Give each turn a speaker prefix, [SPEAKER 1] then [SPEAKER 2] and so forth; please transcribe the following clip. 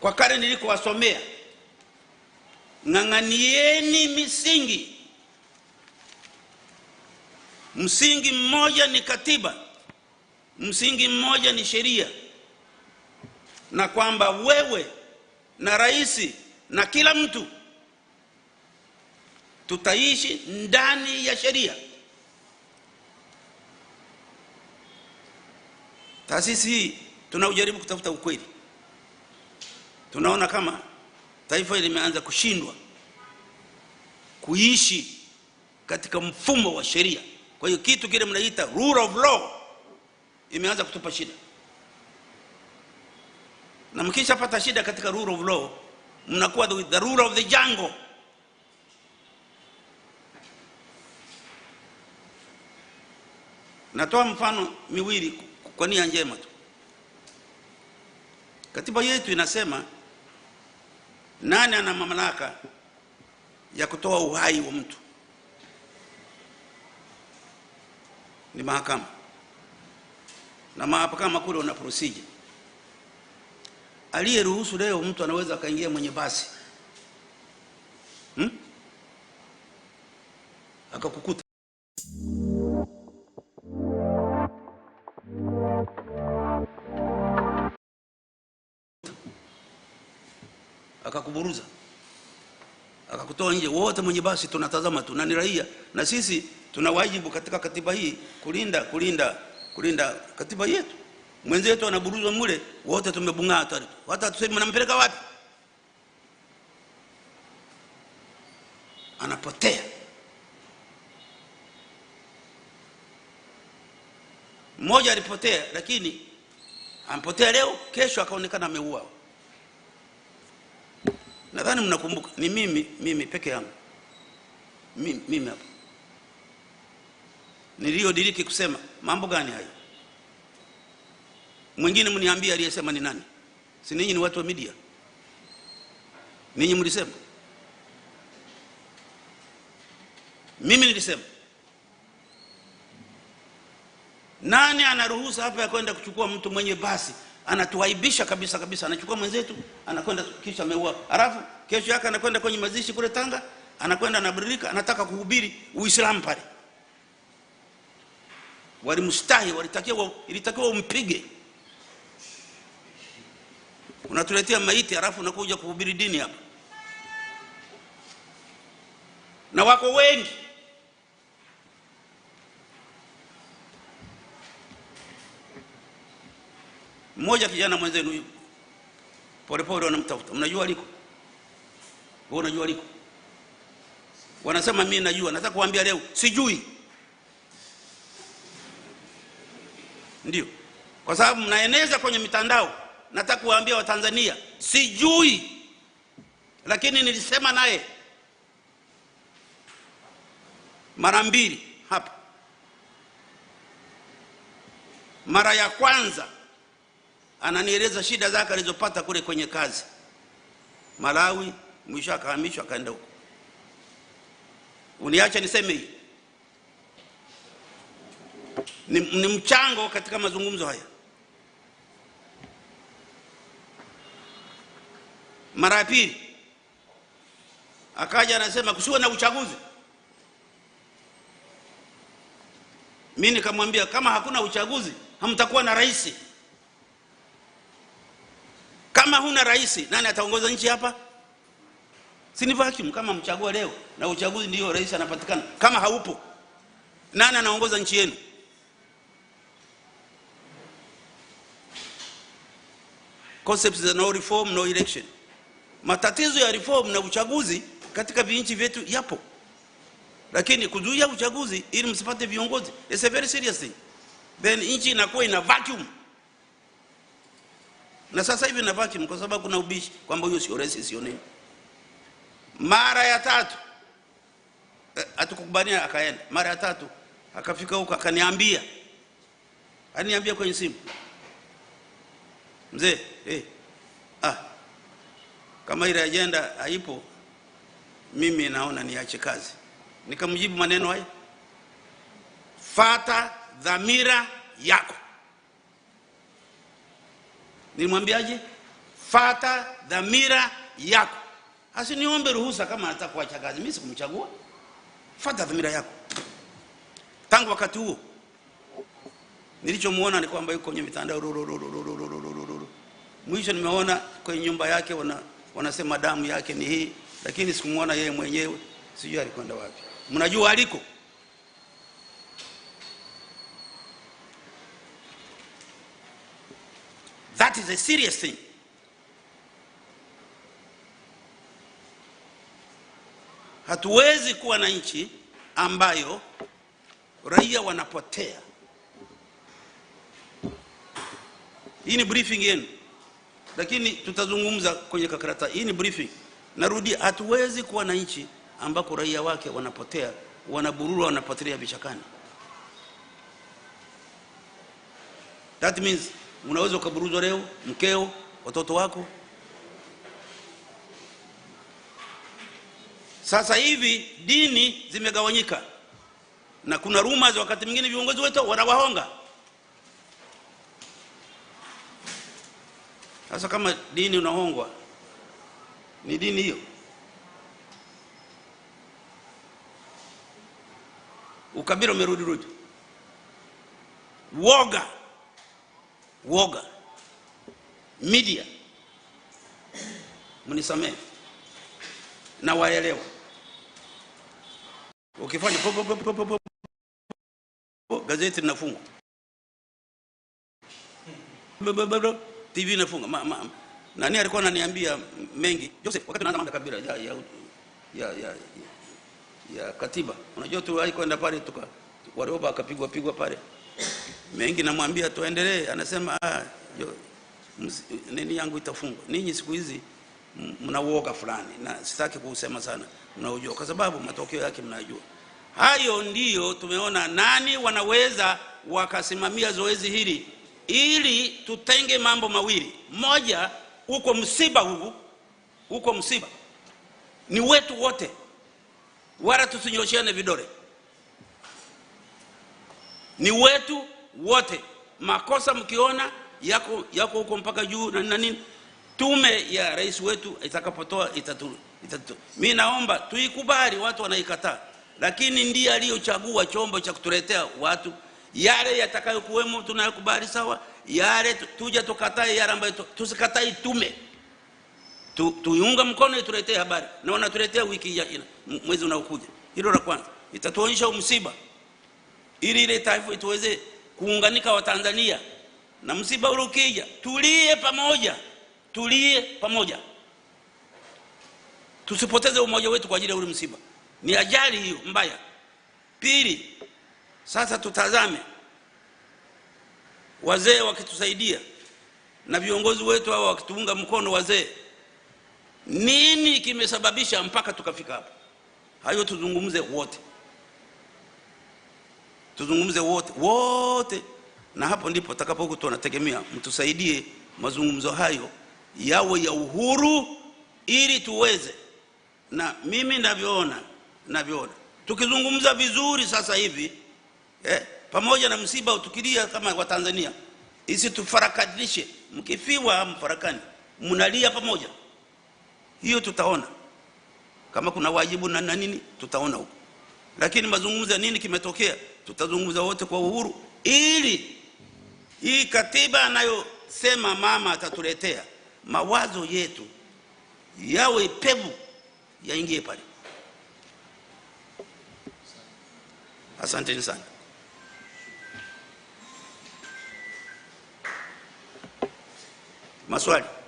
[SPEAKER 1] kwa kale nilikowasomea, ng'ang'anieni misingi. Msingi mmoja ni katiba, msingi mmoja ni sheria, na kwamba wewe na rais na kila mtu tutaishi ndani ya sheria. Taasisi hii tunaujaribu kutafuta ukweli. Tunaona kama taifa limeanza kushindwa kuishi katika mfumo wa sheria. Kwa hiyo kitu kile mnaita rule of law imeanza kutupa shida, na mkishapata shida katika rule of law mnakuwa the rule of the jungle. Natoa mfano miwili kwa nia njema tu. Katiba yetu inasema nani ana mamlaka ya kutoa uhai wa mtu? Ni mahakama, na mahakama kule una procedure. Aliyeruhusu leo mtu anaweza akaingia mwenye basi hmm? akakukuta akakuburuza akakutoa nje. Wote mwenye basi tunatazama tu, na ni raia, na sisi tuna wajibu katika katiba hii kulinda kulinda kulinda katiba yetu. Mwenzetu anaburuzwa mule, wote tumebung'aa tu, hata tuseme mnampeleka wapi, anapotea. Mmoja alipotea, lakini ampotea leo, kesho akaonekana ameuawa. Nadhani mnakumbuka, ni mimi mimi peke yangu mimi, mimi hapa niliyodiriki kusema mambo gani hayo. Mwingine mniambie aliyesema ni nani? Si ninyi ni watu wa media? Ninyi mlisema, mimi nilisema. Nani anaruhusa hapa ya kwenda kuchukua mtu mwenye basi anatuaibisha kabisa kabisa, anachukua mwenzetu anakwenda kisha ameua, halafu kesho yake anakwenda kwenye mazishi kule Tanga, anakwenda anabadilika, anataka kuhubiri Uislamu pale. Walimstahi, walitakiwa ilitakiwa umpige. Unatuletea maiti halafu unakuja kuhubiri dini hapa, na wako wengi mmoja kijana mwenzenu yuko polepole, wanamtafuta, mnajua aliko? Wewe unajua aliko? Wanasema mimi najua. Nataka kuambia leo sijui, ndio kwa sababu mnaeneza kwenye mitandao. Nataka kuwaambia Watanzania sijui, lakini nilisema naye mara mbili hapa. Mara ya kwanza ananieleza shida zake alizopata kule kwenye kazi Malawi, mwisho akahamishwa akaenda huko. Uniache niseme hii ni, ni mchango katika mazungumzo haya. Mara ya pili akaja anasema kusiwe na uchaguzi. Mimi nikamwambia kama hakuna uchaguzi hamtakuwa na rais. Kama huna rais, nani ataongoza nchi hapa? Si ni vacuum kama mchagua leo na uchaguzi ndio rais anapatikana. Kama haupo, nani anaongoza nchi yenu? Concepts za no reform no election. Matatizo ya reform na uchaguzi katika vinchi vyetu yapo, lakini kuzuia uchaguzi ili msipate viongozi is a very serious thing, then nchi inakuwa ina vacuum na sasa hivi na vacuum, kwa sababu kuna ubishi kwamba huyo sio rais, sio nini. Mara ya tatu eh, hatukukubaliana, akaenda mara ya tatu, akafika huko akaniambia, aniambia kwenye simu, mzee eh, ah, kama ile ajenda haipo, mimi naona niache kazi. Nikamjibu maneno haya, fata dhamira yako nilimwambiaje? Fata dhamira yako, asiniombe ruhusa kama atakuacha kazi. Mimi sikumchagua, fata dhamira yako. Tangu wakati huo nilichomuona ni kwamba yuko kwenye mitandao, mwisho nimeona kwenye nyumba yake wana, wanasema damu yake ni hii, lakini sikumwona yeye mwenyewe, sijui alikwenda wapi. Mnajua aliko? is a serious thing. Hatuwezi kuwa na nchi ambayo raia wanapotea. Hii ni briefing yenu, lakini tutazungumza kwenye kakarata. Hii ni briefing, narudia, hatuwezi kuwa na nchi ambako raia wake wanapotea, wanaburura, wanapotelea vichakani. That means unaweza ukaburuzwa leo, mkeo, watoto wako. Sasa hivi dini zimegawanyika, na kuna rumors, wakati mwingine viongozi wetu wanawahonga. Sasa kama dini unahongwa, ni dini hiyo? ukabira umerudi rudi, woga woga, media, mnisamehe na waelewa. Ukifanya gazeti linafungwa, TV inafunga. Ma, ma, nani alikuwa ananiambia mengi Joseph, wakati naanza mambo kabila ya, ya, ya, ya, ya katiba, unajua tu alikwenda pale tuka warioba akapigwa pigwa pale mengi, namwambia tuendelee, anasema ah, yo, nini yangu itafungwa. Ninyi siku hizi mna uoga fulani, na sitaki kuusema sana, mnaujua kwa sababu matokeo yake mnajua. Hayo ndiyo tumeona nani wanaweza wakasimamia zoezi hili ili tutenge mambo mawili. Moja, uko msiba huu, uko msiba ni wetu wote, wala tusinyosheane vidole, ni wetu wote, makosa mkiona yako yako huko mpaka juu na nini. Tume ya rais wetu itakapotoa Mi naomba tuikubali, watu wanaikataa, lakini ndiye aliyochagua chombo cha kutuletea watu yale yatakayokuwemo, tunayokubali sawa, yale tuja tukatae, yale ambayo tusikatae tume tu, tuiunga mkono ituletee habari na wanatuletea wiki ya ina, mwezi unaokuja. Hilo la kwanza itatuonyesha msiba ili ile taifa ituweze kuunganika Watanzania na msiba ule ukija, tulie pamoja, tulie pamoja, tusipoteze umoja wetu kwa ajili ya ule msiba. Ni ajali hiyo mbaya. Pili, sasa tutazame wazee wakitusaidia na viongozi wetu hao wakituunga mkono, wazee, nini kimesababisha mpaka tukafika hapa? Hayo tuzungumze wote tuzungumze wote wote, na hapo ndipo takapoku tunategemea mtusaidie mazungumzo hayo yawe ya uhuru, ili tuweze na mimi navyoona navyoona, tukizungumza vizuri sasa hivi eh, pamoja na msiba utukilia kama Watanzania, isitufarakanishe. Mkifiwa mfarakani, mnalia pamoja, hiyo tutaona kama kuna wajibu na nini, tutaona huko, lakini mazungumzo ya nini kimetokea tutazungumza wote kwa uhuru, ili hii katiba anayosema mama atatuletea mawazo yetu yawe pevu, yaingie pale. Asanteni sana. Maswali?